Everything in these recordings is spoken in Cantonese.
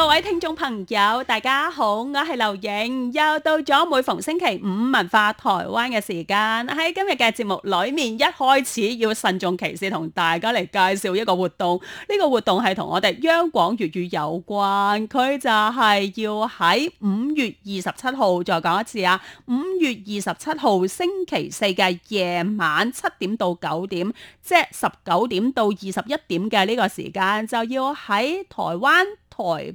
各位聽眾朋友，大家好，我係劉影，又到咗每逢星期五文化台灣嘅時間，喺今日嘅節目裏面，一開始要慎重其事同大家嚟介紹一個活動，呢個活動係同我哋央廣粵語有關，佢就係要喺五月二十七號再講一次啊！五月二十七號星期四嘅夜晚七點到九點，即係十九點到二十一點嘅呢個時間就要喺台灣台。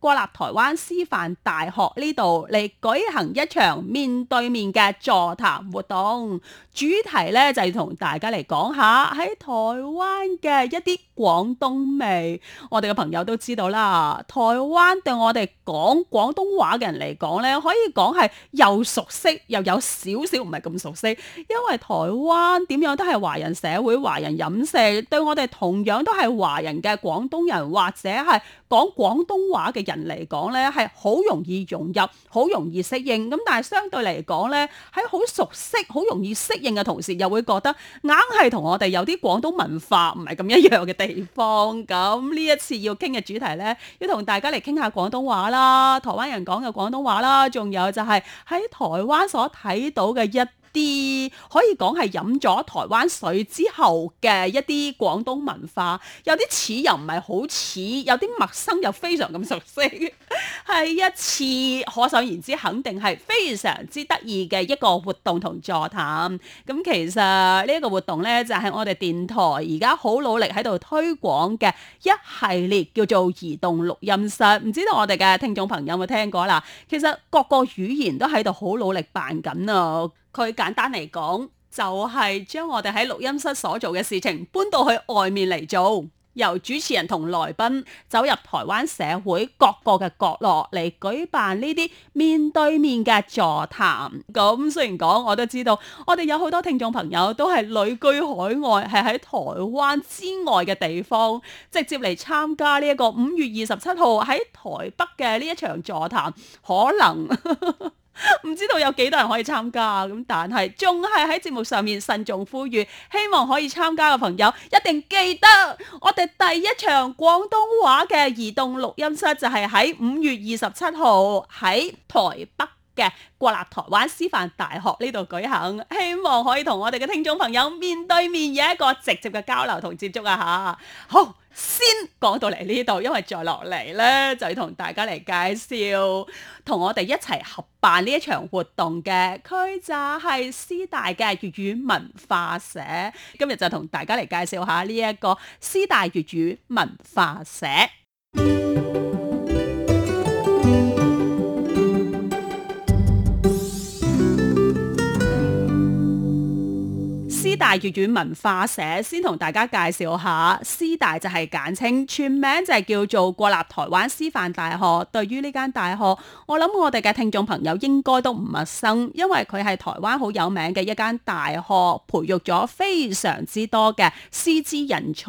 國立台灣師範大學呢度嚟，舉行一場面對面嘅座談活動，主題呢就係同大家嚟講下喺台灣嘅一啲廣東味。我哋嘅朋友都知道啦，台灣對我哋講廣東話嘅人嚟講呢，可以講係又熟悉又有少少唔係咁熟悉，因為台灣點樣都係華人社會，華人飲食，對我哋同樣都係華人嘅廣東人或者係講廣東話嘅。人嚟講呢係好容易融入，好容易適應。咁但係相對嚟講呢喺好熟悉、好容易適應嘅同時，又會覺得硬係同我哋有啲廣東文化唔係咁一樣嘅地方。咁呢一次要傾嘅主題呢要同大家嚟傾下廣東話啦，台灣人講嘅廣東話啦，仲有就係喺台灣所睇到嘅一啲可以講係飲咗台灣水之後嘅一啲廣東文化，有啲似又唔係好似，有啲陌生又非常咁熟悉，係 一次可想而知，肯定係非常之得意嘅一個活動同座談。咁其實呢一個活動呢，就係、是、我哋電台而家好努力喺度推廣嘅一系列叫做移動錄音室。唔知道我哋嘅聽眾朋友有冇聽過啦？其實各個語言都喺度好努力辦緊啊！佢簡單嚟講，就係將我哋喺錄音室所做嘅事情搬到去外面嚟做，由主持人同來賓走入台灣社會各個嘅角落嚟舉辦呢啲面對面嘅座談。咁雖然講我都知道，我哋有好多聽眾朋友都係旅居海外，係喺台灣之外嘅地方，直接嚟參加呢一個五月二十七號喺台北嘅呢一場座談，可能。 唔知道有幾多人可以參加，咁但係仲係喺節目上面慎重呼籲，希望可以參加嘅朋友一定記得，我哋第一場廣東話嘅移動錄音室就係喺五月二十七號喺台北。嘅國立台灣師範大學呢度舉行，希望可以同我哋嘅聽眾朋友面對面有一個直接嘅交流同接觸啊！嚇，好，先講到嚟呢度，因為再落嚟呢，就要同大家嚟介紹，同我哋一齊合辦呢一場活動嘅，佢就係師大嘅粵語文化社。今日就同大家嚟介紹下呢一個師大粵語文化社。大粵語文化社先同大家介紹下，師大就係簡稱，全名就係叫做國立台灣師範大學。對於呢間大學，我諗我哋嘅聽眾朋友應該都唔陌生，因為佢係台灣好有名嘅一間大學，培育咗非常之多嘅師資人才。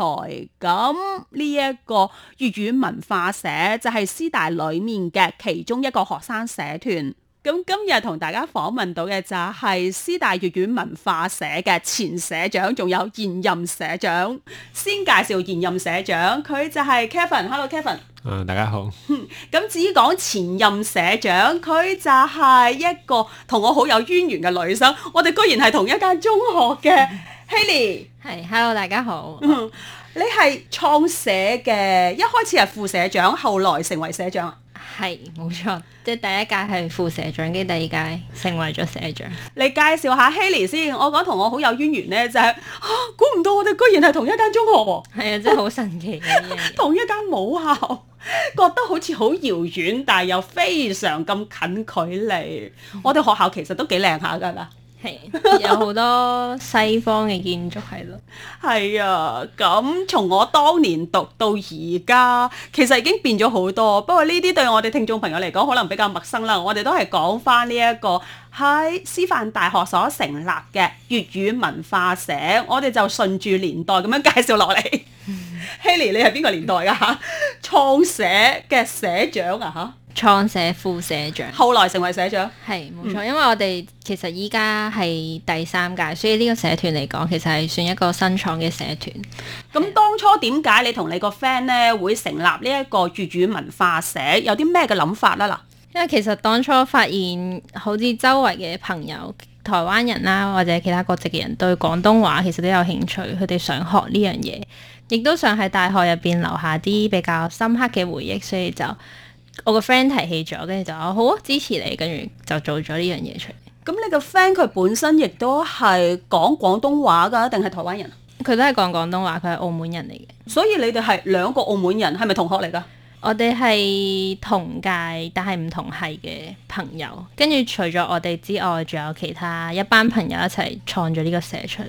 咁呢一個粵語文化社就係師大裡面嘅其中一個學生社團。咁今日同大家訪問到嘅就係師大粵語文化社嘅前社長，仲有現任社長。先介紹現任社長，佢就係 Kevin。Hello，Kevin。嗯，大家好。咁、 嗯、至於講前任社長，佢就係一個同我好有淵源嘅女生。我哋居然係同一間中學嘅 Haley。係，Hello，大家好。 你係創社嘅，一開始係副社長，後來成為社長。係冇錯，即係第一屆係副社長，嘅第二屆成為咗社長。你介紹下 Haley 先，我講同我好有淵源呢，就係，啊，估唔到我哋居然係同一間中學，係啊，真係好神奇， 同一間母校，覺得好似好遙遠，但係又非常咁近距離。我哋學校其實都幾靚下噶啦。有好多西方嘅建築，係咯。係啊，咁、嗯、從我當年讀到而家，其實已經變咗好多。不過呢啲對我哋聽眾朋友嚟講，可能比較陌生啦。我哋都係講翻呢一個喺師範大學所成立嘅粵語文化社，我哋就順住年代咁樣介紹落嚟。 Hailey，你係邊個年代噶嚇？ 創社嘅社長啊嚇？創社副社長，後來成為社長，係冇錯。錯，嗯、因為我哋其實依家係第三屆，所以呢個社團嚟講，其實係算一個新創嘅社團。咁、嗯、的當初點解你同你個 friend 咧會成立呢一個粵語文化社？有啲咩嘅諗法啦？嗱，因為其實當初發現好似周圍嘅朋友，台灣人啦、啊、或者其他國籍嘅人，對廣東話其實都有興趣，佢哋想學呢樣嘢，亦都想喺大學入邊留下啲比較深刻嘅回憶，所以就。我個 friend 提起咗，跟住就話好啊，支持你，跟住就做咗呢樣嘢出嚟。咁你個 friend 佢本身亦都係講廣東話㗎，定係台灣人？佢都係講廣東話，佢係澳門人嚟嘅。所以你哋係兩個澳門人，係咪同學嚟㗎？我哋係同屆，但係唔同系嘅朋友。跟住除咗我哋之外，仲有其他一班朋友一齊創咗呢個社出嚟。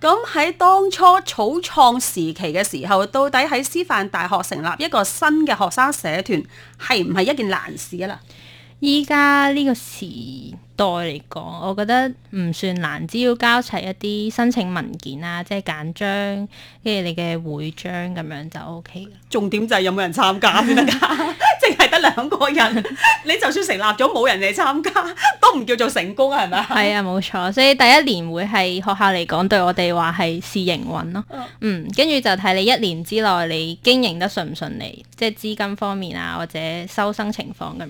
咁喺當初草創時期嘅時候，到底喺師範大學成立一個新嘅學生社團，係唔係一件難事㗎啦？依家呢個時代嚟講，我覺得唔算難，只要交齊一啲申請文件呀，即係簡章，跟住你嘅會章咁樣就 OK。重點就係有冇人參加先得㗎。係得兩個人， 你就算成立咗冇人嚟參加，都唔叫做成功呀，係咪？係啊，冇錯。所以第一年會係學校嚟講對我哋話係試營運咯。哦、嗯，跟住就睇你一年之內你經營得順唔順利，即係資金方面啊，或者收生情況咁樣。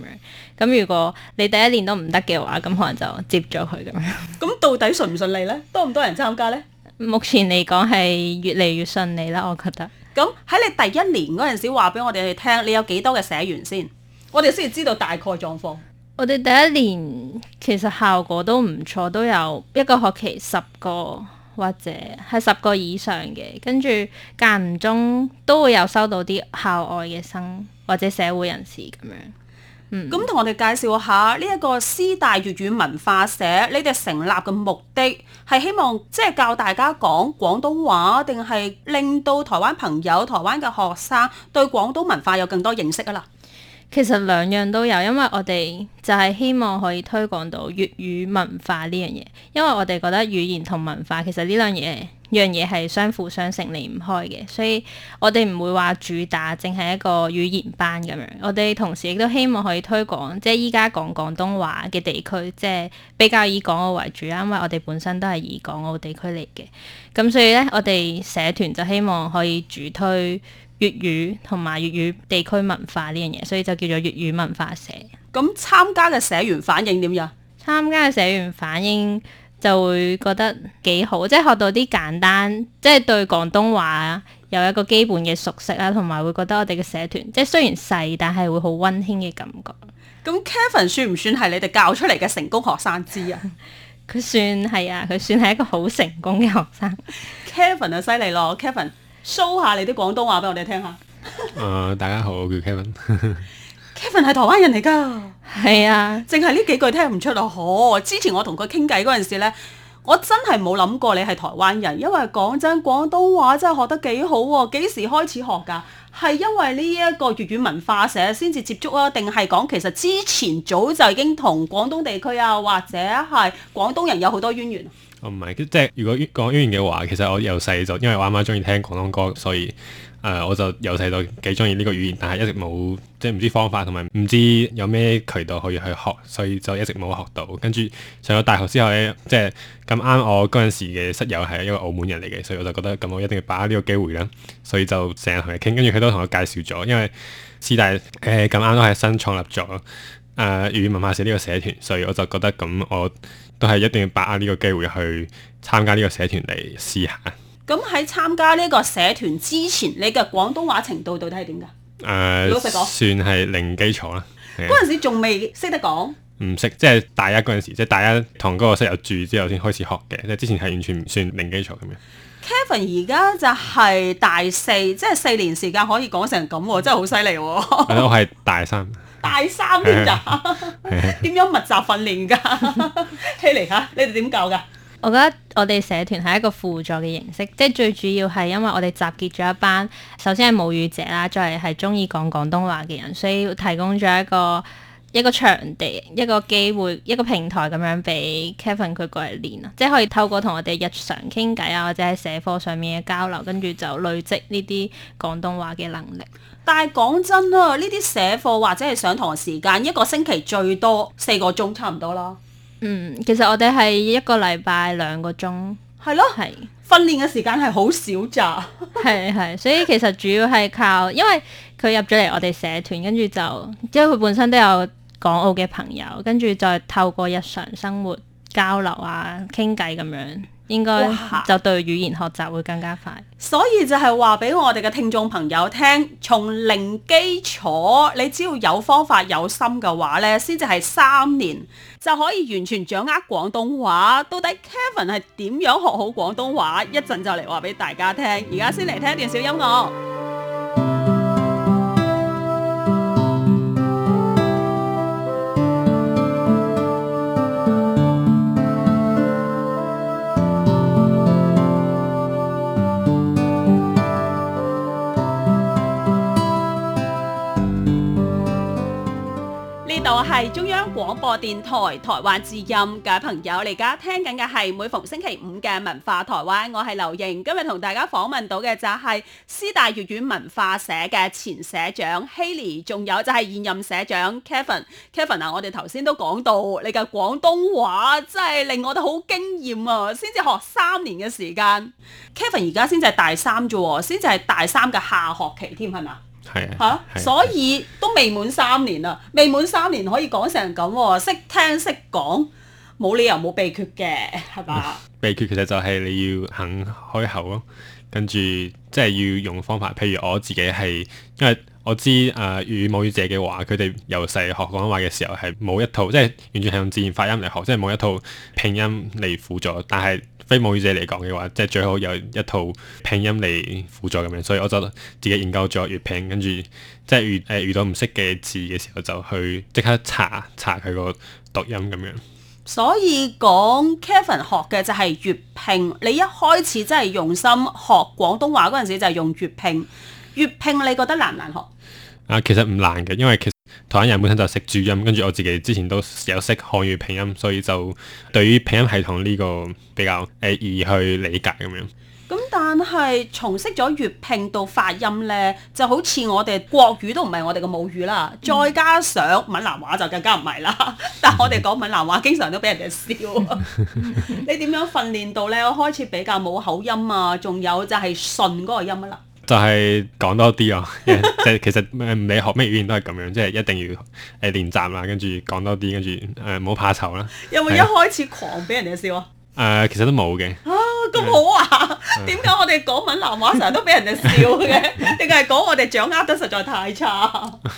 咁如果你第一年都唔得嘅話，咁可能就接咗佢咁樣。咁到底順唔順利呢？多唔多人參加呢？目前嚟講係越嚟越順利啦，我覺得。喺你第一年嗰陣時話俾我哋去聽，你有幾多嘅社員先，我哋先至知道大概狀況。我哋第一年其實效果都唔錯，都有一個學期十個或者係十個以上嘅，跟住間唔中都會有收到啲校外嘅生或者社會人士咁樣。咁同、嗯、我哋介紹下呢、這、一個師大粵語文化社，你哋成立嘅目的係希望即係教大家講廣東話，定係令到台灣朋友、台灣嘅學生對廣東文化有更多認識啊啦？其實兩樣都有，因為我哋就係希望可以推廣到粵語文化呢樣嘢，因為我哋覺得語言同文化其實呢兩嘢樣嘢係相輔相成，離唔開嘅，所以我哋唔會話主打淨係一個語言班咁樣，我哋同時亦都希望可以推廣，即係依家講廣東話嘅地區，即係比較以港澳為主，因為我哋本身都係以港澳地區嚟嘅，咁所以呢，我哋社團就希望可以主推。粵語同埋粵語地區文化呢樣嘢，所以就叫做粵語文化社。咁參加嘅社員反應點樣？參加嘅社員反應就會覺得幾好，即係學到啲簡單，即係對廣東話有一個基本嘅熟悉啦，同埋會覺得我哋嘅社團，即係雖然細，但係會好温馨嘅感覺。咁 Kevin 算唔算係你哋教出嚟嘅成功學生之一啊？佢 算係啊，佢算係一個好成功嘅學生。 Kevin 就犀利咯，Kevin。show 下你啲廣東話俾我哋聽下。誒 ，uh, 大家好，我叫 Kevin。 Kevin 係台灣人嚟㗎，係啊，淨係呢幾句聽唔出咯。好、oh，之前我同佢傾偈嗰陣時咧，我真係冇諗過你係台灣人，因為講真，廣東話真係學得幾好喎、啊。幾時開始學㗎？係因為呢一個粵語文化社先至接觸啊？定係講其實之前早就已經同廣東地區啊，或者係廣東人有好多淵源。唔係，即係如果語講語言嘅話，其實我由細就因為我啱啱中意聽廣東歌，所以誒、呃、我就由細到幾中意呢個語言，但係一直冇即係唔知方法，同埋唔知有咩渠道可以去學，所以就一直冇學到。跟住上咗大學之後咧，即係咁啱我嗰陣時嘅室友係一個澳門人嚟嘅，所以我就覺得咁我一定要把握呢個機會啦。所以就成日同佢傾，跟住佢都同我介紹咗，因為師大誒咁啱都係新創立咗誒粵語文化社呢個社團，所以我就覺得咁我，都係一定要把握呢個機會去參加呢個社團嚟試下。咁喺參加呢個社團之前，你嘅廣東話程度到底係點㗎？誒、呃，老實講，算係零基礎啦。嗰陣時仲未識得講。唔識，即係大一嗰陣時，即係大一同嗰個室友住之後先開始學嘅，即係之前係完全唔算零基礎咁樣。Kevin 而家就係大四，即係四年時間可以講成咁，嗯、真係好犀利喎！我係大三。大三添咋？點樣 密集訓練㗎？嚟 嚇，你哋點教㗎？我覺得我哋社團係一個輔助嘅形式，即係最主要係因為我哋集結咗一班，首先係母語者啦，再係係鍾意講廣東話嘅人，所以提供咗一個。一個場地、一個機會、一個平台咁樣俾 Kevin 佢過嚟練啊，即係可以透過同我哋日常傾偈啊，或者喺社課上面嘅交流，跟住就累積呢啲廣東話嘅能力。但係講真啦，呢啲社課或者係上堂時間，一個星期最多四個鐘差唔多咯。嗯，其實我哋係一個禮拜兩個鐘，係咯，係。訓練嘅時間係好少咋，係係，所以其實主要係靠，因為佢入咗嚟我哋社團，跟住就，因為佢本身都有港澳嘅朋友，跟住再透過日常生活交流啊、傾偈咁樣。應該就對語言學習會更加快，所以就係話俾我哋嘅聽眾朋友聽，從零基礎，你只要有方法有心嘅話呢，先至係三年就可以完全掌握廣東話。到底 Kevin 係點樣學好廣東話？一陣就嚟話俾大家聽。而家先嚟聽一段小音樂。我係中央廣播電台台灣之音嘅朋友，你而家聽緊嘅係每逢星期五嘅文化台灣，我係劉盈，今日同大家訪問到嘅就係師大粵語文化社嘅前社長希 a 仲有就係現任社長 Kevin。Kevin 啊，我哋頭先都講到你嘅廣東話真係令我哋好驚艷啊，先至學三年嘅時間。Kevin 而家先至大三啫，先至係大三嘅下學期添，係嘛？嚇，啊啊、所以都未滿三年啦，未滿三年可以講成咁喎，啊，識聽識講，冇理由冇秘訣嘅，係嘛？ 秘訣其實就係你要肯開口咯，跟住即係要用方法。譬如我自己係，因為我知誒粵語、呃、母語者嘅話，佢哋由細學講話嘅時候係冇一套，即、就、係、是、完全係用自然發音嚟學，即係冇一套拼音嚟輔助，但係。非母語者嚟講嘅話，即係最好有一套拼音嚟輔助咁樣，所以我就自己研究咗粵拼，跟住即係遇誒遇到唔識嘅字嘅時候，就去即刻查查佢個讀音咁樣。所以講 Kevin 學嘅就係粵拼，你一開始真係用心學廣東話嗰陣時，就係用粵拼。粵拼你覺得難唔難學？啊，其實唔難嘅，因為其實。台灣人本身就識注音，跟住我自己之前都有識漢語拼音，所以就對於拼音系統呢個比較誒易、欸、去理解咁樣。咁但係從識咗粵拼到發音呢，就好似我哋國語都唔係我哋嘅母語啦，嗯、再加上閩南話就更加唔係啦。但係我哋講閩南話經常都俾人哋笑。 你點樣訓練到呢？我開始比較冇口音啊，仲有就係順嗰個音啦。就係講多啲啊！即、yeah, 係 其實誒，你學咩語言都係咁樣，即係一定要誒練習啦，跟住講多啲，跟住唔好怕醜啦。有冇一開始狂俾人哋笑啊？誒、呃，其實都冇嘅。咁、啊、好啊！點解、呃、我哋講閩南話成日都俾人哋笑嘅？定係講我哋掌握得實在太差？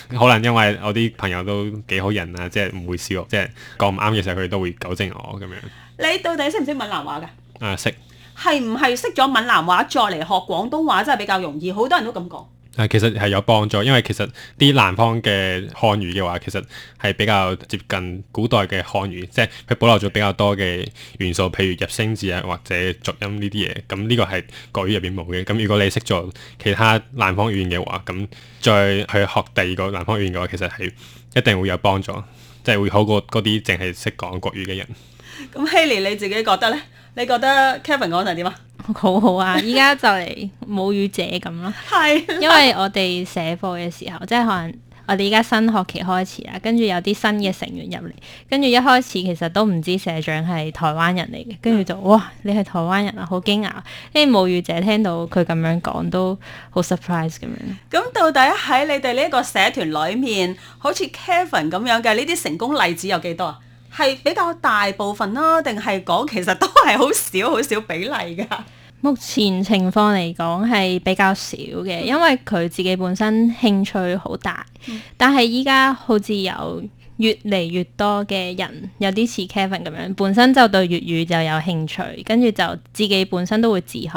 可能因為我啲朋友都幾好人啊，即係唔會笑，即係講唔啱嘅時候佢都會糾正我咁樣。你到底識唔識閩南話㗎？誒、啊，識。係唔係識咗閩南話再嚟學廣東話真係比較容易？好多人都咁講。誒、啊，其實係有幫助，因為其實啲南方嘅漢語嘅話，其實係比較接近古代嘅漢語，即係佢保留咗比較多嘅元素，譬如入聲字啊或者濁音呢啲嘢。咁呢個係國語入邊冇嘅。咁如果你識咗其他南方語言嘅話，咁再去學第二個南方語言嘅話，其實係一定會有幫助，即係會好過嗰啲淨係識講國語嘅人。咁希尼你自己覺得咧？你覺得 Kevin 講得點啊？好好啊！依家就嚟母語者咁咯，係， 因為我哋社課嘅時候，即係可能我哋依家新學期開始啦，跟住有啲新嘅成員入嚟，跟住一開始其實都唔知社長係台灣人嚟嘅，跟住就哇，你係台灣人啊，好驚訝！啲母語者聽到佢咁樣講都好 surprise 咁樣。咁到底喺你哋呢一個社團裏面，好似 Kevin 咁樣嘅呢啲成功例子有幾多啊？係比較大部分咯，定係講其實都係好少好少比例㗎？目前情況嚟講係比較少嘅，因為佢自己本身興趣好大，嗯、但係依家好似有，越嚟越多嘅人有啲似 Kevin 咁樣，本身就對粵語就有興趣，跟住就自己本身都會自學，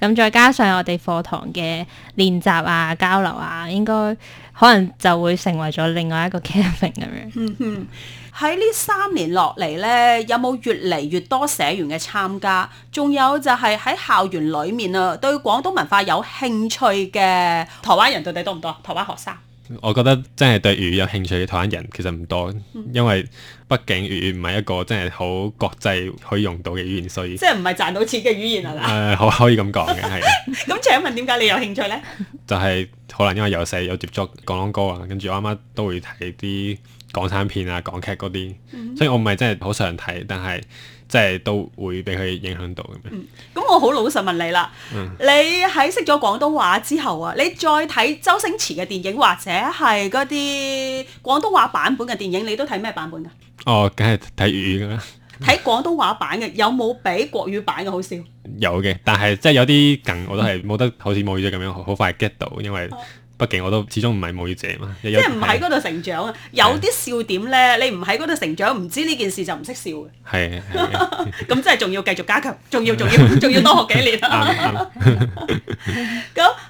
咁再加上我哋課堂嘅練習啊、交流啊，應該可能就會成為咗另外一個 Kevin 咁樣。嗯哼，喺呢三年落嚟咧，有冇越嚟越多社員嘅參加？仲有就係喺校園裏面啊，對廣東文化有興趣嘅台灣人到底多唔多？台灣學生？我覺得真係對粵語有興趣嘅台灣人其實唔多，因為畢竟粵語唔係一個真係好國際可以用到嘅語言，所以即係唔係賺到錢嘅語言係咪？誒，好、呃、可以咁講嘅係。咁 的 請問點解你有興趣咧？就係可能因為由細有接觸廣東歌啊，跟住我阿媽，媽都會睇啲港產片啊、港劇嗰啲，所以我唔係真係好常睇，但係。即係都會俾佢影響到咁樣。咁、嗯、我好老實問你啦，嗯、你喺識咗廣東話之後啊，你再睇周星馳嘅電影或者係嗰啲廣東話版本嘅電影，你都睇咩版本㗎？哦，梗係睇粵語嘅啦。睇廣東話版嘅 有冇比國語版嘅好笑？有嘅，但係即係有啲梗我都係冇得好似母語啫咁樣，好、嗯、快 get 到，因為，嗯畢竟我都始終唔係母語者嘛，即係唔喺嗰度成長啊！有啲笑點咧，你唔喺嗰度成長，唔知呢件事就唔識笑嘅。係，咁 真係仲要繼續加強，仲要仲 要仲要，要多學幾年。咁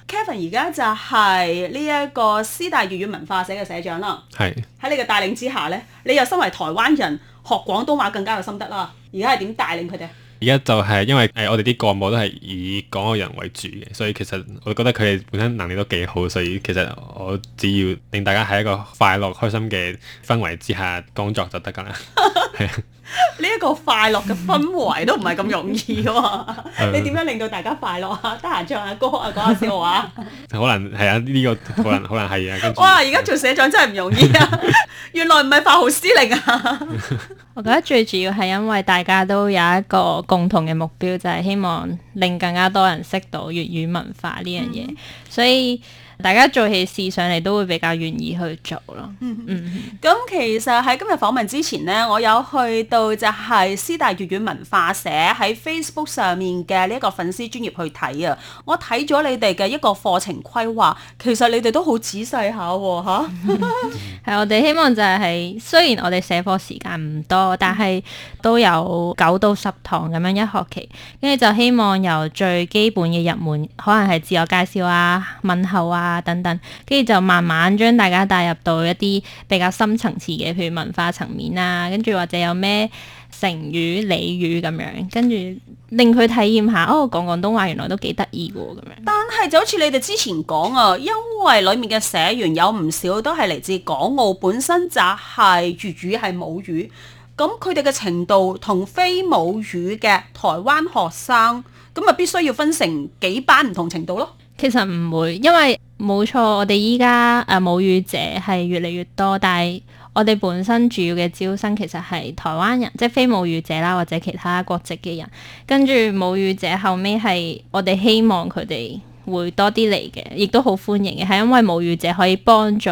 Kevin 而家就係呢一個師大粵語文化社嘅社長啦。係喺的你嘅帶領之下咧，你又身為台灣人學廣東話更加有心得啦。而家係點帶領佢哋？而家就係因為誒、哎、我哋啲幹部都係以港澳人為主嘅，所以其實我覺得佢哋本身能力都幾好，所以其實我只要令大家喺一個快樂、開心嘅氛圍之下工作就得㗎啦。 呢一 個快樂嘅氛圍都唔係咁容易喎、啊， 你點樣令到大家快樂啊？ 得閒唱下歌啊，講下、啊、笑話 、啊。可能係啊，呢個可能可能係啊。哇，而家做社長真係唔容易啊！ 原來唔係發號施令啊。我覺得最主要係因為大家都有一個共同嘅目標，就係、是、希望令更加多人識到粵語文化呢樣嘢，嗯、所以。大家做起事上嚟，都會比較願意去做咯。嗯嗯嗯。咁其實喺今日訪問之前咧，我有去到就係師大粵語文化社喺 Facebook 上面嘅呢一個粉絲專頁去睇啊。我睇咗你哋嘅一個課程規劃，其實你哋都好仔細下吓。哦。係、嗯、我哋希望就係、是，雖然我哋社課時間唔多，但係都有九到十堂咁樣一學期，跟住就希望由最基本嘅入門，可能係自我介紹啊、問候啊。啊，等等，跟住就慢慢將大家帶入到一啲比較深層次嘅，譬如文化層面啊，跟住或者有咩成語、俚語咁樣，跟住令佢體驗下哦，講廣東話原來都幾得意嘅喎咁樣。但係就好似你哋之前講啊，因為裡面嘅社員有唔少都係嚟自港澳本身就粵，就係粵語係母語，咁佢哋嘅程度同非母語嘅台灣學生，咁啊必須要分成幾班唔同程度咯。其實唔會，因為冇錯，我哋依家誒母語者係越嚟越多，但係我哋本身主要嘅招生其實係台灣人，即係非母語者啦，或者其他國籍嘅人，跟住母語者後尾係我哋希望佢哋會多啲嚟嘅，亦都好歡迎嘅，係因為母語者可以幫助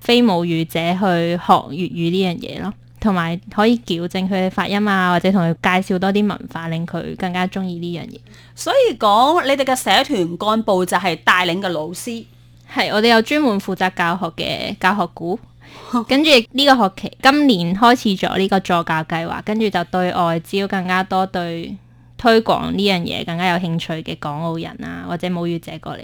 非母語者去學粵語呢樣嘢咯。同埋可以矯正佢嘅發音啊，或者同佢介紹多啲文化，令佢更加中意呢樣嘢。所以講，你哋嘅社團幹部就係帶領嘅老師，係我哋有專門負責教學嘅教學股， 跟住呢個學期今年開始咗呢個助教計劃，跟住就對外招更加多對推廣呢樣嘢更加有興趣嘅港澳人啊，或者母語者過嚟。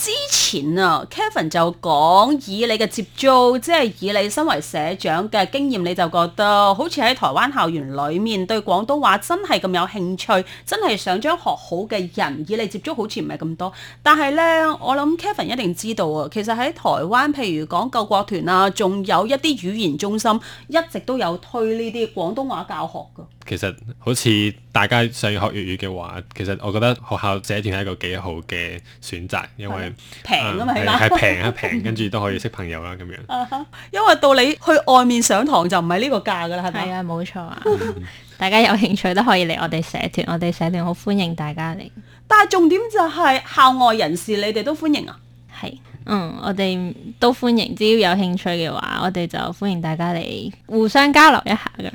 之前啊，Kevin 就講以你嘅接觸，即係以你身為社長嘅經驗，你就覺得好似喺台灣校園裏面對廣東話真係咁有興趣，真係想將學好嘅人，以你接觸好似唔係咁多。但係呢，我諗 Kevin 一定知道啊。其實喺台灣，譬如講救國團啊，仲有一啲語言中心一直都有推呢啲廣東話教學㗎。其實好似大家想要學粵語嘅話，其實我覺得學校社團係一個幾好嘅選擇，因為平啊嘛，係啦，係平啊平，跟住都可以識朋友啦咁樣。Uh huh. 因為到你去外面上堂就唔係呢個價噶啦，係咪？係啊，冇錯吧啊！ 大家有興趣都可以嚟我哋社團，我哋社團好歡迎大家嚟。但係重點就係校外人士，你哋都歡迎啊？係。嗯，我哋都歡迎，只要有興趣嘅話，我哋就歡迎大家嚟互相交流一下嘅。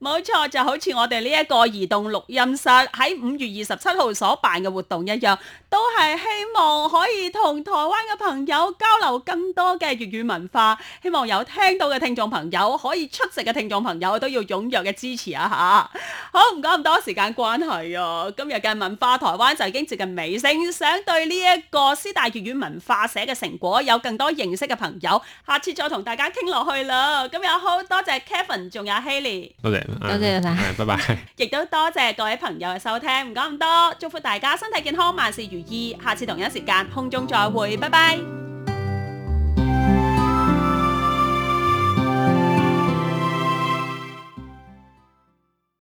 冇 錯， 就好似我哋呢一個移動錄音室喺五月二十七號所辦嘅活動一樣，都係希望可以同台灣嘅朋友交流更多嘅粵語文化。希望有聽到嘅聽眾朋友，可以出席嘅聽眾朋友都要踴躍嘅支持一下。好，唔講咁多，時間關係啊，今日嘅文化台灣就已經接近尾聲，想對呢一個師大粵語文化。寫嘅成果有更多認識嘅朋友，下次再同大家傾落去啦。咁有好多謝 Kevin，仲有 Haley，多謝多謝晒，拜拜。亦都多謝各位朋友嘅收聽，唔講咁多，祝福大家身體健康，萬事如意。下次同一時間空中再會，拜拜。